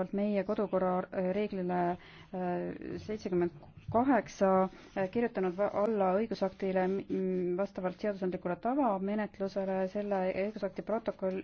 vastavalt meie kodukorra reeglile äh, seitsekümmend kaheksa äh, kirjutanud alla õigusaktile vastavalt seadusandlikule tavamenetlusele selle õigusakti protokoll